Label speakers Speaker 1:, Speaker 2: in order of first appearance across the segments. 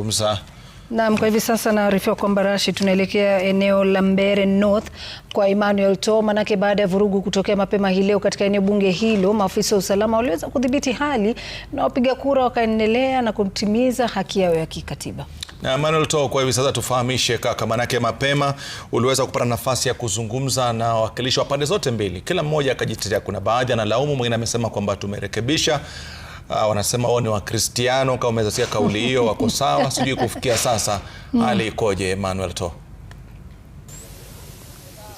Speaker 1: Kumsa. Naam, kwa hivi sasa naarifiwa kwamba Rashid, tunaelekea eneo la Mbere North kwa Emmanuel To, manake baada ya vurugu kutokea mapema hii leo katika eneo bunge hilo, maafisa wa usalama waliweza kudhibiti hali na wapiga kura wakaendelea na kutimiza haki yao ya kikatiba.
Speaker 2: Na Emmanuel To, kwa hivi sasa tufahamishe kaka, manake mapema uliweza kupata nafasi ya kuzungumza na wawakilishi wa pande zote mbili, kila mmoja akajitetea. Kuna baadhi analaumu, mwingine amesema kwamba tumerekebisha uh, wanasema wao ni Wakristiano, kama umeweza sikia kauli hiyo, wako sawa. Sijui kufikia sasa mm. hali ikoje, Emmanuel To?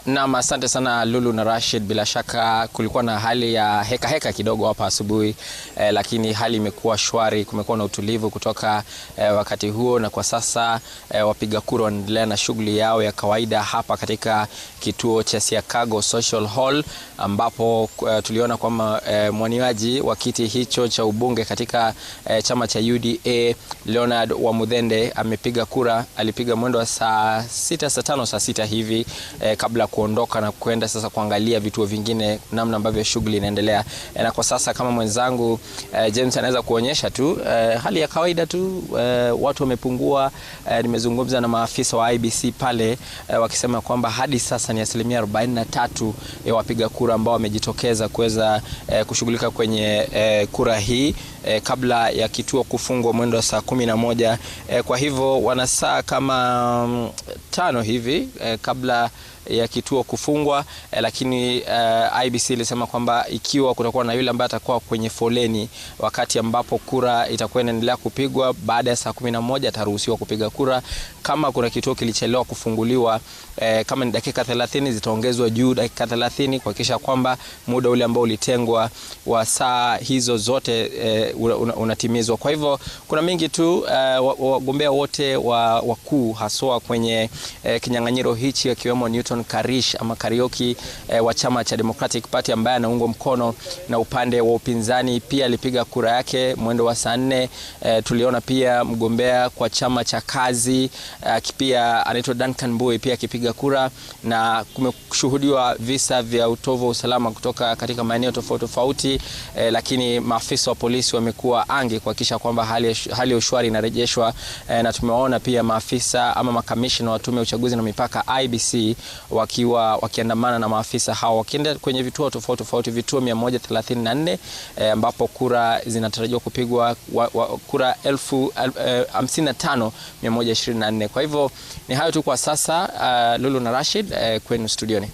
Speaker 3: Naam, asante sana Lulu na Rashid. Bila shaka kulikuwa na hali ya heka heka kidogo hapa asubuhi eh, lakini hali imekuwa shwari, kumekuwa na utulivu kutoka eh, wakati huo na kwa sasa eh, wapiga kura wanaendelea na shughuli yao ya kawaida hapa katika kituo cha Siakago Social Hall ambapo eh, tuliona kwamba eh, mwaniaji wa kiti hicho cha ubunge katika eh, chama cha UDA Leonard Wamuthende amepiga kura, alipiga mwendo wa saa sita saa tano saa sita hivi eh, kabla kuondoka na kwenda sasa kuangalia vituo vingine, namna ambavyo shughuli inaendelea. Eh, na kwa sasa kama mwenzangu eh, James anaweza kuonyesha tu eh, hali ya kawaida tu eh, watu wamepungua. Eh, nimezungumza na maafisa wa IBC pale eh, wakisema kwamba hadi sasa ni asilimia 43 ya eh, wapiga kura ambao wamejitokeza kuweza eh, kushughulika kwenye eh, kura hii eh, kabla ya kituo kufungwa mwendo wa saa kumi na moja eh, kwa hivyo wana saa kama um, tano hivi eh, kabla ya kituo kufungwa eh, lakini eh, IBC ilisema kwamba ikiwa kutakuwa na yule ambaye atakuwa kwenye foleni wakati ambapo kura itakuwa inaendelea kupigwa baada ya saa kumi na moja ataruhusiwa kupiga kura. Kama kuna kituo kilichelewa kufunguliwa eh, kama ni dakika 30 zitaongezwa juu dakika 30 kuhakikisha kwamba muda ule ambao ulitengwa wa saa hizo zote eh, unatimizwa. Kwa hivyo kuna mingi tu eh, wagombea wote wa wakuu haswa kwenye eh, kinyang'anyiro hichi akiwemo Newton Benson Karish ama Karioki e, eh, wa chama cha Democratic Party ambaye anaungwa mkono na upande wa upinzani pia alipiga kura yake mwendo wa saa nne. E, tuliona pia mgombea kwa chama cha kazi eh, pia anaitwa Duncan Boy pia akipiga kura, na kumeshuhudiwa visa vya utovu wa usalama kutoka katika maeneo tofauti tofauti, e, lakini maafisa wa polisi wamekuwa ange kuhakikisha kwamba hali, hali ya ushwari inarejeshwa e, na tumeona pia maafisa ama makamishina wa tume ya uchaguzi na mipaka IBC wakiwa wakiandamana na maafisa hao wakienda kwenye vituo tofauti tofauti, vituo 134 eh, ambapo kura zinatarajiwa kupigwa wa, wa, kura 55124. Eh, kwa hivyo ni hayo tu kwa sasa. Uh, Lulu na Rashid, uh, kwenu studioni.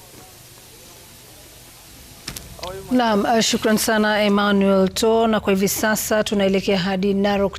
Speaker 1: Naam, uh, shukran sana Emmanuel To, na kwa hivi sasa tunaelekea hadi Narok.